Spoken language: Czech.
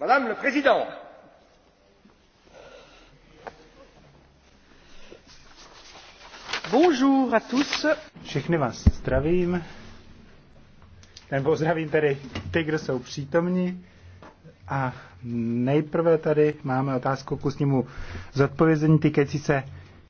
Madame la présidente Bonjour à tous. Všechny vás zdravím. Nebo zdravím tedy ty, kdo jsou přítomní. A nejprve tady máme otázku k ústnímu zodpovězení týkající se